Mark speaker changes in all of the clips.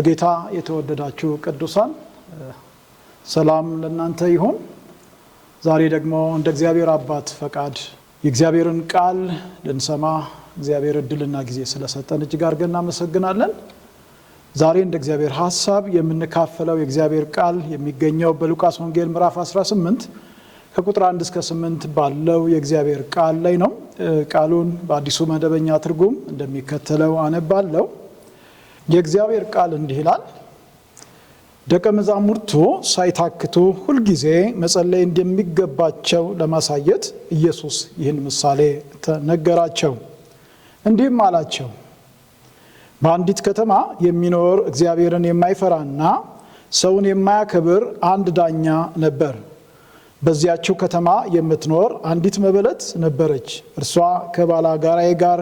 Speaker 1: በጌታ የተወደዳችሁ ቅዱሳን ሰላም ለእናንተ ይሁን። ዛሬ ደግሞ እንደ እግዚአብሔር አባት ፈቃድ የእግዚአብሔርን ቃል ልንሰማ እግዚአብሔር እድልና ጊዜ ስለሰጠን እጅግ አርገ እናመሰግናለን። ዛሬ እንደ እግዚአብሔር ሀሳብ የምንካፈለው የእግዚአብሔር ቃል የሚገኘው በሉቃስ ወንጌል ምዕራፍ 18 ከቁጥር 1 እስከ 8 ባለው የእግዚአብሔር ቃል ላይ ነው። ቃሉን በአዲሱ መደበኛ ትርጉም እንደሚከተለው አነባለው። የእግዚአብሔር ቃል እንዲህ ይላል፣ ደቀ መዛሙርቱ ሳይታክቱ ሁልጊዜ መጸለይ እንደሚገባቸው ለማሳየት ኢየሱስ ይህን ምሳሌ ተነገራቸው። እንዲህም አላቸው፣ በአንዲት ከተማ የሚኖር እግዚአብሔርን የማይፈራና ሰውን የማያከብር አንድ ዳኛ ነበር። በዚያቸው ከተማ የምትኖር አንዲት መበለት ነበረች። እርሷ ጋራዬ ጋር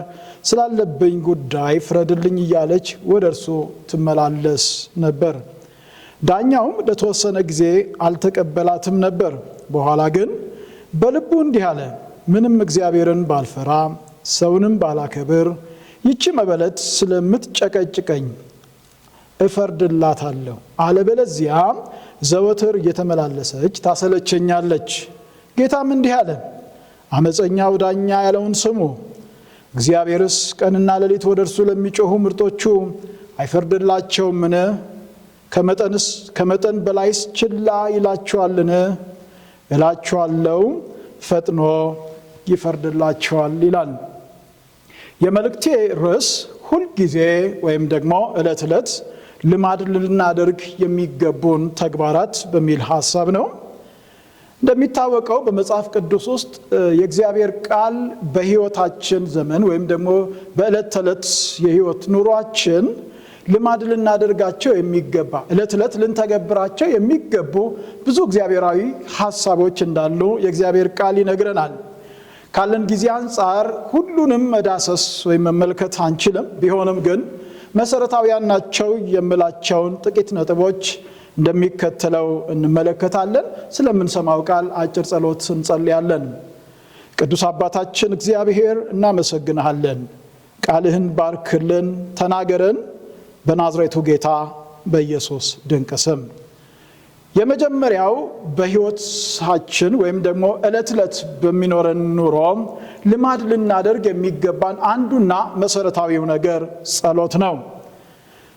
Speaker 1: ስላለብኝ ጉዳይ ፍረድልኝ እያለች ወደ እርሱ ትመላለስ ነበር። ዳኛውም ለተወሰነ ጊዜ አልተቀበላትም ነበር። በኋላ ግን በልቡ እንዲህ አለ፣ ምንም እግዚአብሔርን ባልፈራ ሰውንም ባላከብር ይቺ መበለት ስለምትጨቀጭቀኝ እፈርድላታለሁ። አለበለዚያ ዘወትር እየተመላለሰች ታሰለቸኛለች። ጌታም እንዲህ አለ፣ አመፀኛው ዳኛ ያለውን ስሙ። እግዚአብሔርስ ቀንና ሌሊት ወደ እርሱ ለሚጮኹ ምርጦቹ አይፈርድላቸውምን? ከመጠንስ ከመጠን በላይስ ችላ ይላቸዋልን? እላቸዋለው ፈጥኖ ይፈርድላቸዋል ይላል። የመልእክቴ ርዕስ ሁልጊዜ ወይም ደግሞ ዕለት ዕለት ልማድ ልናደርግ የሚገቡን ተግባራት በሚል ሀሳብ ነው። እንደሚታወቀው በመጽሐፍ ቅዱስ ውስጥ የእግዚአብሔር ቃል በሕይወታችን ዘመን ወይም ደግሞ በዕለት ተዕለት የሕይወት ኑሯችን ልማድ ልናደርጋቸው የሚገባ ዕለት ዕለት ልንተገብራቸው የሚገቡ ብዙ እግዚአብሔራዊ ሀሳቦች እንዳሉ የእግዚአብሔር ቃል ይነግረናል። ካለን ጊዜ አንጻር ሁሉንም መዳሰስ ወይም መመልከት አንችልም። ቢሆንም ግን መሰረታዊያን ናቸው የምላቸውን ጥቂት ነጥቦች እንደሚከተለው እንመለከታለን። ስለምንሰማው ቃል አጭር ጸሎት እንጸልያለን። ቅዱስ አባታችን እግዚአብሔር እናመሰግንሃለን። ቃልህን ባርክልን፣ ተናገረን። በናዝሬቱ ጌታ በኢየሱስ ድንቅ ስም የመጀመሪያው በህይወታችን ወይም ደግሞ ዕለት ዕለት በሚኖረን ኑሮ ልማድ ልናደርግ የሚገባን አንዱና መሰረታዊው ነገር ጸሎት ነው።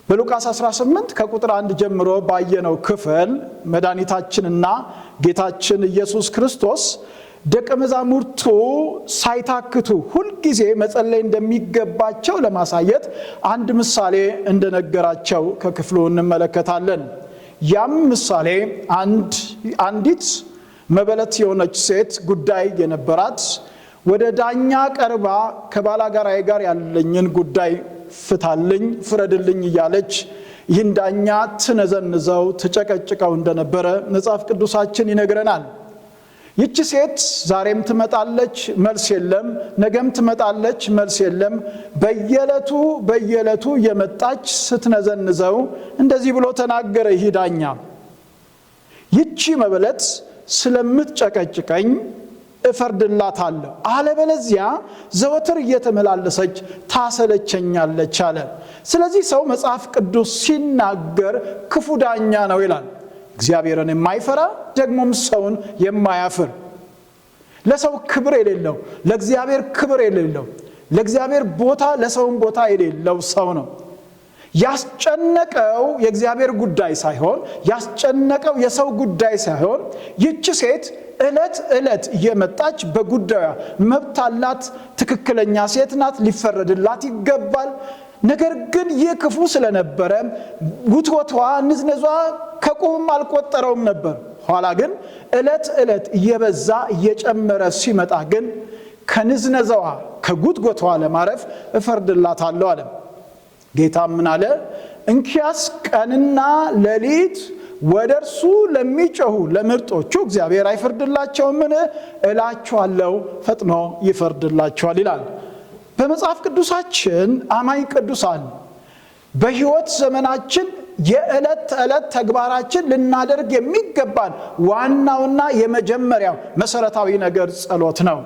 Speaker 1: በሉቃስ 18 ከቁጥር አንድ ጀምሮ ባየነው ክፍል መድኃኒታችንና ጌታችን ኢየሱስ ክርስቶስ ደቀ መዛሙርቱ ሳይታክቱ ሁልጊዜ መጸለይ እንደሚገባቸው ለማሳየት አንድ ምሳሌ እንደነገራቸው ከክፍሉ እንመለከታለን። ያም ምሳሌ አንዲት መበለት የሆነች ሴት ጉዳይ የነበራት ወደ ዳኛ ቀርባ ከባላጋራዬ ጋር ያለኝን ጉዳይ ፍታልኝ፣ ፍረድልኝ እያለች ይህን ዳኛ ትነዘንዘው፣ ትጨቀጭቀው እንደነበረ መጽሐፍ ቅዱሳችን ይነግረናል። ይቺ ሴት ዛሬም ትመጣለች፣ መልስ የለም። ነገም ትመጣለች፣ መልስ የለም። በየዕለቱ በየዕለቱ የመጣች ስትነዘንዘው እንደዚህ ብሎ ተናገረ ይህ ዳኛ፣ ይቺ መበለት ስለምትጨቀጭቀኝ እፈርድላታለሁ፣ አለበለዚያ ዘወትር እየተመላለሰች ታሰለቸኛለች አለ። ስለዚህ ሰው መጽሐፍ ቅዱስ ሲናገር ክፉ ዳኛ ነው ይላል። እግዚአብሔርን የማይፈራ ደግሞም ሰውን የማያፍር ለሰው ክብር የሌለው ለእግዚአብሔር ክብር የሌለው ለእግዚአብሔር ቦታ ለሰውን ቦታ የሌለው ሰው ነው። ያስጨነቀው የእግዚአብሔር ጉዳይ ሳይሆን ያስጨነቀው የሰው ጉዳይ ሳይሆን ይቺ ሴት እለት እለት እየመጣች በጉዳዩ መብት አላት። ትክክለኛ ሴት ናት፣ ሊፈረድላት ይገባል። ነገር ግን ይህ ክፉ ስለነበረ ውትወቷ፣ ንዝነዟ ከቁምም አልቆጠረውም ነበር። ኋላ ግን ዕለት ዕለት እየበዛ እየጨመረ ሲመጣ ግን ከንዝነዛዋ ከጉትጎተዋ ለማረፍ እፈርድላታለሁ አለ። ጌታ ምን አለ? እንኪያስ ቀንና ሌሊት ወደ እርሱ ለሚጮኹ ለምርጦቹ እግዚአብሔር ምን እላችኋለሁ ፈጥኖ ይፈርድላቸዋል ይላል። በመጽሐፍ ቅዱሳችን አማኝ ቅዱሳን በሕይወት ዘመናችን የዕለት ተዕለት ተግባራችን ልናደርግ የሚገባን ዋናውና የመጀመሪያው መሰረታዊ ነገር ጸሎት ነው።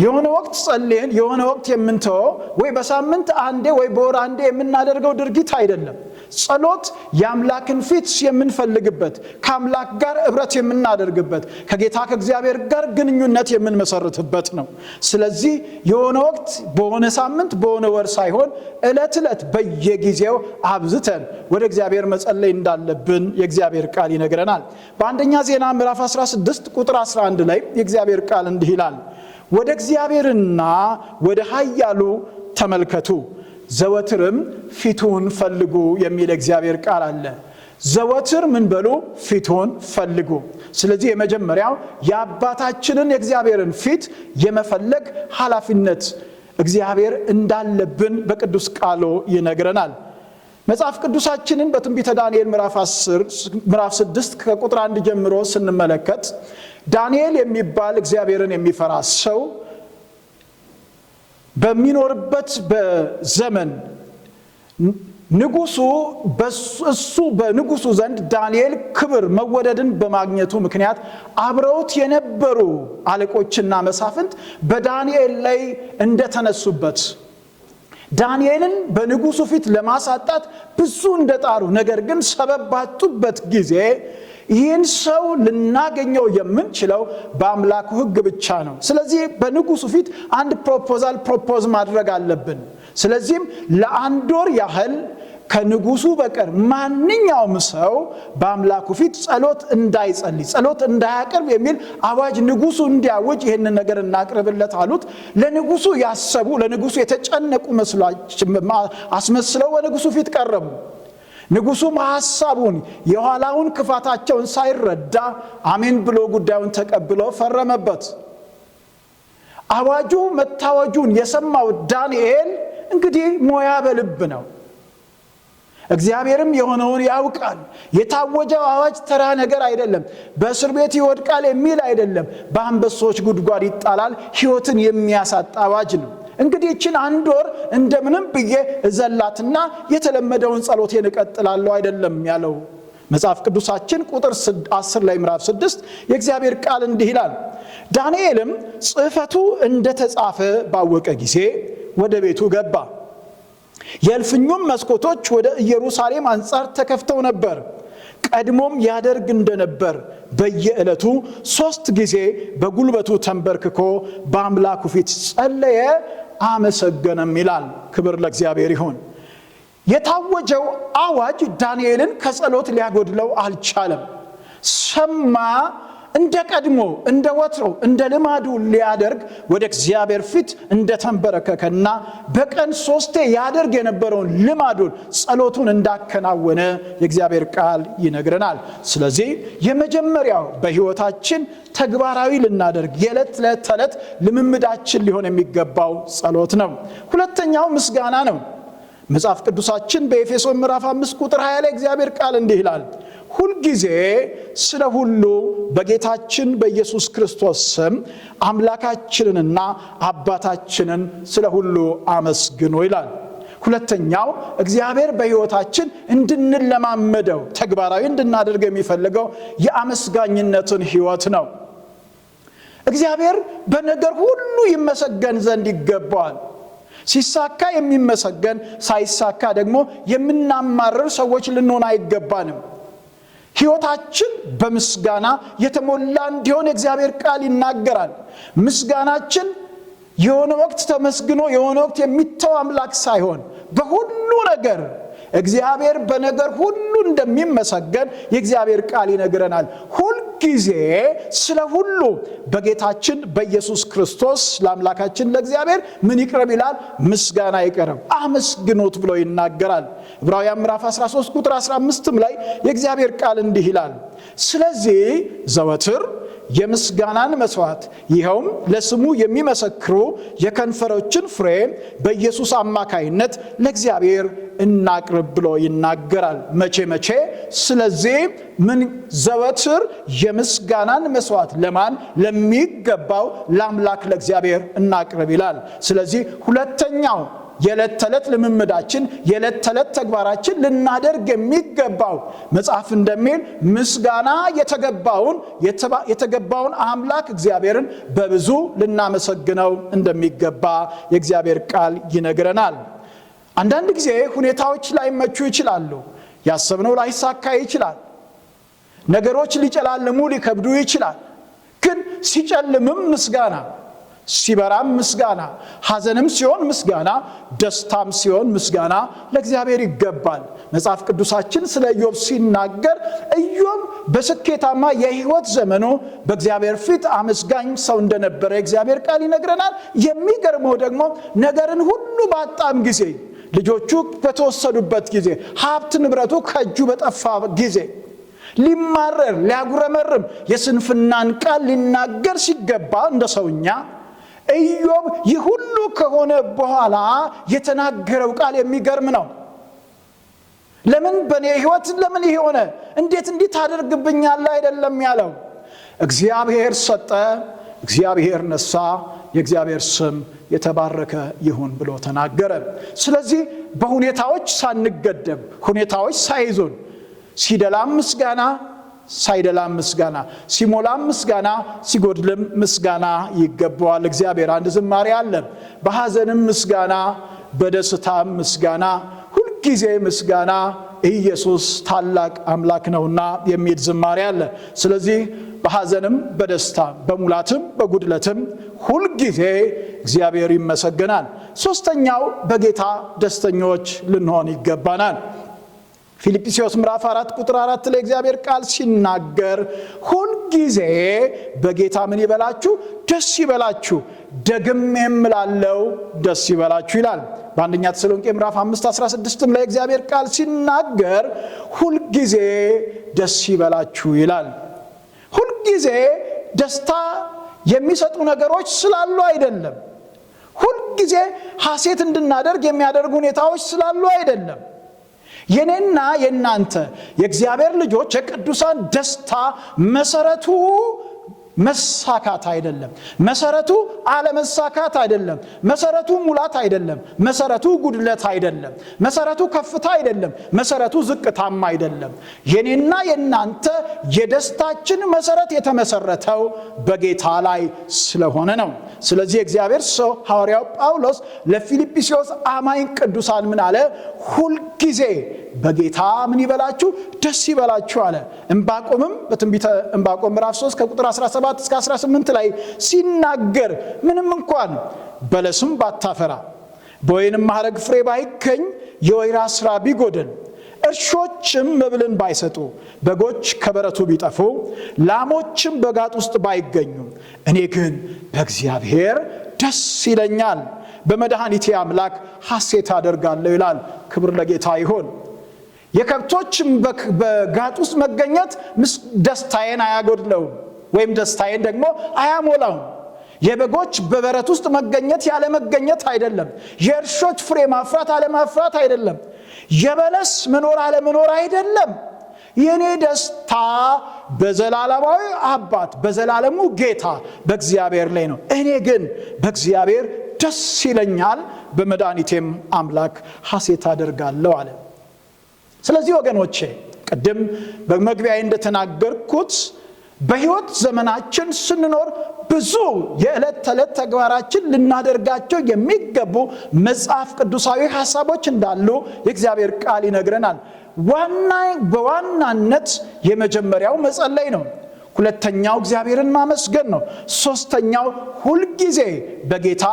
Speaker 1: የሆነ ወቅት ጸልየን የሆነ ወቅት የምንተወው ወይ በሳምንት አንዴ ወይ በወር አንዴ የምናደርገው ድርጊት አይደለም። ጸሎት የአምላክን ፊት የምንፈልግበት፣ ከአምላክ ጋር እብረት የምናደርግበት፣ ከጌታ ከእግዚአብሔር ጋር ግንኙነት የምንመሰርትበት ነው። ስለዚህ የሆነ ወቅት በሆነ ሳምንት በሆነ ወር ሳይሆን ዕለት ዕለት በየጊዜው አብዝተን ወደ እግዚአብሔር መጸለይ እንዳለብን የእግዚአብሔር ቃል ይነግረናል። በአንደኛ ዜና ምዕራፍ 16 ቁጥር 11 ላይ የእግዚአብሔር ቃል እንዲህ ይላል ወደ እግዚአብሔርና ወደ ሀያሉ ተመልከቱ ዘወትርም ፊቱን ፈልጉ የሚል እግዚአብሔር ቃል አለ። ዘወትር ምን በሉ? ፊቱን ፈልጉ። ስለዚህ የመጀመሪያው የአባታችንን የእግዚአብሔርን ፊት የመፈለግ ኃላፊነት እግዚአብሔር እንዳለብን በቅዱስ ቃሎ ይነግረናል። መጽሐፍ ቅዱሳችንን በትንቢተ ዳንኤል ምዕራፍ 10 6 ከቁጥር አንድ ጀምሮ ስንመለከት ዳንኤል የሚባል እግዚአብሔርን የሚፈራ ሰው በሚኖርበት በዘመን ንጉሱ እሱ በንጉሱ ዘንድ ዳንኤል ክብር መወደድን በማግኘቱ ምክንያት አብረውት የነበሩ አለቆችና መሳፍንት በዳንኤል ላይ እንደተነሱበት ዳንኤልን በንጉሱ ፊት ለማሳጣት ብዙ እንደጣሩ ነገር ግን ሰበብ ባጡበት ጊዜ ይህን ሰው ልናገኘው የምንችለው በአምላኩ ህግ ብቻ ነው። ስለዚህ በንጉሱ ፊት አንድ ፕሮፖዛል ፕሮፖዝ ማድረግ አለብን። ስለዚህም ለአንድ ወር ያህል ከንጉሱ በቀር ማንኛውም ሰው በአምላኩ ፊት ጸሎት እንዳይጸልይ ጸሎት እንዳያቅርብ የሚል አዋጅ ንጉሱ እንዲያውጅ ይህንን ነገር እናቅርብለት አሉት። ለንጉሱ ያሰቡ ለንጉሱ የተጨነቁ አስመስለው በንጉሱ ፊት ቀረቡ። ንጉሱም ሐሳቡን የኋላውን ክፋታቸውን ሳይረዳ አሜን ብሎ ጉዳዩን ተቀብሎ ፈረመበት። አዋጁ መታወጁን የሰማው ዳንኤል እንግዲህ ሞያ በልብ ነው። እግዚአብሔርም የሆነውን ያውቃል። የታወጀው አዋጅ ተራ ነገር አይደለም። በእስር ቤት ይወድቃል የሚል አይደለም። በአንበሶች ጉድጓድ ይጣላል ህይወትን የሚያሳጣ አዋጅ ነው። እንግዲህ ይችን አንድ ወር እንደምንም ብዬ እዘላትና የተለመደውን ጸሎቴን እቀጥላለሁ አይደለም ያለው። መጽሐፍ ቅዱሳችን ቁጥር 10 ላይ ምዕራፍ 6 የእግዚአብሔር ቃል እንዲህ ይላል፣ ዳንኤልም ጽህፈቱ እንደተጻፈ ባወቀ ጊዜ ወደ ቤቱ ገባ። የእልፍኙም መስኮቶች ወደ ኢየሩሳሌም አንጻር ተከፍተው ነበር። ቀድሞም ያደርግ እንደነበር በየዕለቱ ሦስት ጊዜ በጉልበቱ ተንበርክኮ በአምላኩ ፊት ጸለየ፣ አመሰገነም ይላል። ክብር ለእግዚአብሔር ይሁን። የታወጀው አዋጅ ዳንኤልን ከጸሎት ሊያጎድለው አልቻለም። ሰማ እንደ ቀድሞ እንደ ወትሮ እንደ ልማዱ ሊያደርግ ወደ እግዚአብሔር ፊት እንደተንበረከከና በቀን ሶስቴ ያደርግ የነበረውን ልማዱን ጸሎቱን እንዳከናወነ የእግዚአብሔር ቃል ይነግረናል። ስለዚህ የመጀመሪያው በሕይወታችን ተግባራዊ ልናደርግ የዕለት ተዕለት ልምምዳችን ሊሆን የሚገባው ጸሎት ነው። ሁለተኛው ምስጋና ነው። መጽሐፍ ቅዱሳችን በኤፌሶን ምዕራፍ አምስት ቁጥር 20 ላይ እግዚአብሔር ቃል እንዲህ ይላል ሁልጊዜ ስለ ሁሉ በጌታችን በኢየሱስ ክርስቶስ ስም አምላካችንንና አባታችንን ስለ ሁሉ አመስግኑ ይላል። ሁለተኛው እግዚአብሔር በሕይወታችን እንድንለማመደው ተግባራዊ እንድናደርግ የሚፈልገው የአመስጋኝነትን ሕይወት ነው። እግዚአብሔር በነገር ሁሉ ይመሰገን ዘንድ ይገባዋል። ሲሳካ የሚመሰገን ሳይሳካ ደግሞ የምናማርር ሰዎች ልንሆን አይገባንም። ሕይወታችን በምስጋና የተሞላ እንዲሆን የእግዚአብሔር ቃል ይናገራል። ምስጋናችን የሆነ ወቅት ተመስግኖ የሆነ ወቅት የሚተው አምላክ ሳይሆን በሁሉ ነገር እግዚአብሔር በነገር ሁሉ እንደሚመሰገን የእግዚአብሔር ቃል ይነግረናል። ጊዜ ስለ ሁሉ በጌታችን በኢየሱስ ክርስቶስ ለአምላካችን ለእግዚአብሔር ምን ይቅረብ ይላል? ምስጋና ይቀረብ፣ አመስግኖት ብሎ ይናገራል። ዕብራውያን ምዕራፍ 13 ቁጥር 15ም ላይ የእግዚአብሔር ቃል እንዲህ ይላል፣ ስለዚህ ዘወትር የምስጋናን መስዋዕት ይኸውም ለስሙ የሚመሰክሩ የከንፈሮችን ፍሬ በኢየሱስ አማካይነት ለእግዚአብሔር እናቅርብ ብሎ ይናገራል። መቼ መቼ? ስለዚህ ምን ዘወትር የምስጋናን መስዋዕት ለማን ለሚገባው ለአምላክ ለእግዚአብሔር እናቅርብ ይላል። ስለዚህ ሁለተኛው የዕለት ተዕለት ልምምዳችን፣ የዕለት ተዕለት ተግባራችን ልናደርግ የሚገባው መጽሐፍ እንደሚል ምስጋና የተገባውን የተገባውን አምላክ እግዚአብሔርን በብዙ ልናመሰግነው እንደሚገባ የእግዚአብሔር ቃል ይነግረናል። አንዳንድ ጊዜ ሁኔታዎች ላይመቹ ይችላሉ። ያሰብነው ላይሳካ ይችላል። ነገሮች ሊጨላለሙ ሊከብዱ ይችላል። ግን ሲጨልምም ምስጋና ሲበራም ምስጋና፣ ሐዘንም ሲሆን ምስጋና፣ ደስታም ሲሆን ምስጋና ለእግዚአብሔር ይገባል። መጽሐፍ ቅዱሳችን ስለ ኢዮብ ሲናገር ኢዮብ በስኬታማ የህይወት ዘመኑ በእግዚአብሔር ፊት አመስጋኝ ሰው እንደነበረ የእግዚአብሔር ቃል ይነግረናል። የሚገርመው ደግሞ ነገርን ሁሉ ባጣም ጊዜ፣ ልጆቹ በተወሰዱበት ጊዜ፣ ሀብት ንብረቱ ከእጁ በጠፋ ጊዜ ሊማረር ሊያጉረመርም የስንፍናን ቃል ሊናገር ሲገባ እንደ ሰውኛ ኢዮብ ይህ ሁሉ ከሆነ በኋላ የተናገረው ቃል የሚገርም ነው። ለምን በእኔ ህይወት ለምን ይሄ ሆነ? እንዴት እንዴት አደርግብኛለ አይደለም ያለው። እግዚአብሔር ሰጠ፣ እግዚአብሔር ነሳ፣ የእግዚአብሔር ስም የተባረከ ይሁን ብሎ ተናገረ። ስለዚህ በሁኔታዎች ሳንገደብ፣ ሁኔታዎች ሳይዙን ሲደላም ምስጋና ሳይደላም ምስጋና፣ ሲሞላም ምስጋና፣ ሲጎድልም ምስጋና ይገባዋል እግዚአብሔር። አንድ ዝማሬ አለ፣ በሐዘንም ምስጋና፣ በደስታም ምስጋና፣ ሁልጊዜ ምስጋና ኢየሱስ ታላቅ አምላክ ነውና የሚል ዝማሬ አለ። ስለዚህ በሐዘንም በደስታ በሙላትም በጉድለትም ሁልጊዜ እግዚአብሔር ይመሰገናል። ሦስተኛው በጌታ ደስተኞች ልንሆን ይገባናል። ፊልጵስዎስ ምራፍ አራት ቁጥር አራት ለእግዚአብሔር ቃል ሲናገር ሁልጊዜ በጌታ ምን ይበላችሁ? ደስ ይበላችሁ፣ ደግም የምላለው ደስ ይበላችሁ ይላል። በአንደኛ ተሰሎንቄ ምራፍ አምስት 16 ላይ ለእግዚአብሔር ቃል ሲናገር ሁልጊዜ ደስ ይበላችሁ ይላል። ሁልጊዜ ደስታ የሚሰጡ ነገሮች ስላሉ አይደለም። ሁልጊዜ ሐሴት እንድናደርግ የሚያደርጉ ሁኔታዎች ስላሉ አይደለም። የኔና የእናንተ የእግዚአብሔር ልጆች የቅዱሳን ደስታ መሰረቱ መሳካት አይደለም። መሰረቱ አለመሳካት አይደለም። መሰረቱ ሙላት አይደለም። መሰረቱ ጉድለት አይደለም። መሰረቱ ከፍታ አይደለም። መሰረቱ ዝቅታም አይደለም። የኔና የእናንተ የደስታችን መሰረት የተመሰረተው በጌታ ላይ ስለሆነ ነው። ስለዚህ የእግዚአብሔር ሰው ሐዋርያው ጳውሎስ ለፊልጵስዎስ አማኝ ቅዱሳን ምን አለ? ሁልጊዜ በጌታ ምን ይበላችሁ ደስ ይበላችሁ አለ። እምባቆምም በትንቢተ እምባቆም ምራፍ 3 ከቁጥር 17 እስከ 18 ላይ ሲናገር ምንም እንኳን በለስም ባታፈራ በወይንም ማረግ ፍሬ ባይገኝ የወይራ ስራ ቢጎድል እርሾችም መብልን ባይሰጡ በጎች ከበረቱ ቢጠፉ ላሞችም በጋጥ ውስጥ ባይገኙ እኔ ግን በእግዚአብሔር ደስ ይለኛል፣ በመድኃኒቴ አምላክ ሐሴት አደርጋለሁ ይላል። ክብር ለጌታ ይሆን። የከብቶችም በጋጥ ውስጥ መገኘት ደስታዬን አያጎድለውም ወይም ደስታዬን ደግሞ አያሞላውም። የበጎች በበረት ውስጥ መገኘት ያለመገኘት አይደለም። የእርሾች ፍሬ ማፍራት አለማፍራት አይደለም። የበለስ መኖር አለመኖር አይደለም። የእኔ ደስታ በዘላለማዊ አባት በዘላለሙ ጌታ በእግዚአብሔር ላይ ነው። እኔ ግን በእግዚአብሔር ደስ ይለኛል፣ በመድኃኒቴም አምላክ ሐሴት አደርጋለሁ አለ። ስለዚህ ወገኖቼ ቅድም በመግቢያ እንደተናገርኩት በህይወት ዘመናችን ስንኖር ብዙ የዕለት ተዕለት ተግባራችን ልናደርጋቸው የሚገቡ መጽሐፍ ቅዱሳዊ ሐሳቦች እንዳሉ የእግዚአብሔር ቃል ይነግረናል። ዋና በዋናነት የመጀመሪያው መጸለይ ነው። ሁለተኛው እግዚአብሔርን ማመስገን ነው። ሶስተኛው ሁልጊዜ በጌታ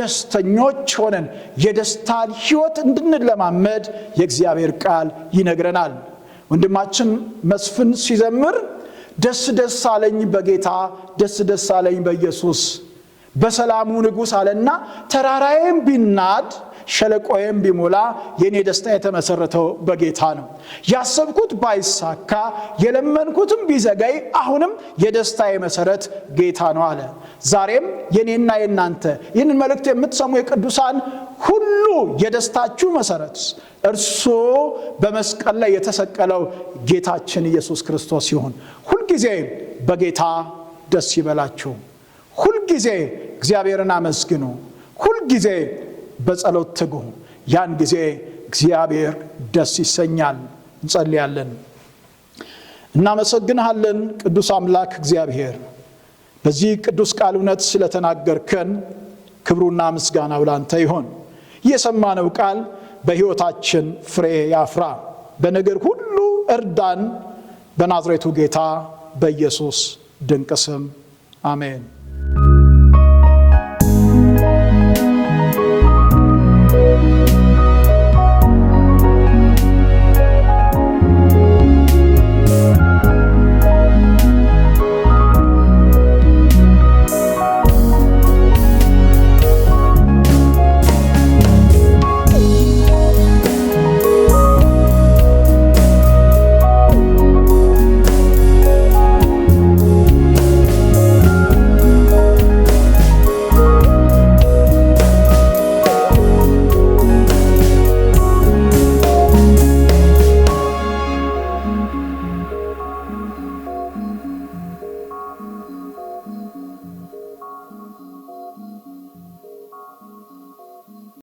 Speaker 1: ደስተኞች ሆነን የደስታን ሕይወት እንድንለማመድ የእግዚአብሔር ቃል ይነግረናል። ወንድማችን መስፍን ሲዘምር ደስ ደስ አለኝ በጌታ ደስ ደስ አለኝ በኢየሱስ በሰላሙ ንጉሥ አለና ተራራዬም ቢናድ ሸለቆዬም ቢሞላ የእኔ ደስታ የተመሰረተው በጌታ ነው። ያሰብኩት ባይሳካ የለመንኩትም ቢዘገይ አሁንም የደስታ የመሰረት ጌታ ነው አለ። ዛሬም የእኔና የእናንተ ይህንን መልእክት የምትሰሙ የቅዱሳን ሁሉ የደስታችሁ መሰረት እርሱ በመስቀል ላይ የተሰቀለው ጌታችን ኢየሱስ ክርስቶስ ይሁን። ሁልጊዜ በጌታ ደስ ይበላችሁ። ሁልጊዜ እግዚአብሔርን አመስግኑ። ሁልጊዜ በጸሎት ትጉ። ያን ጊዜ እግዚአብሔር ደስ ይሰኛል። እንጸልያለን። እናመሰግንሃለን ቅዱስ አምላክ እግዚአብሔር በዚህ ቅዱስ ቃል እውነት ስለተናገርከን ክብሩና ምስጋናው ላንተ ይሆን። የሰማነው ቃል በሕይወታችን ፍሬ ያፍራ። በነገር ሁሉ እርዳን። በናዝሬቱ ጌታ በኢየሱስ ድንቅ ስም አሜን።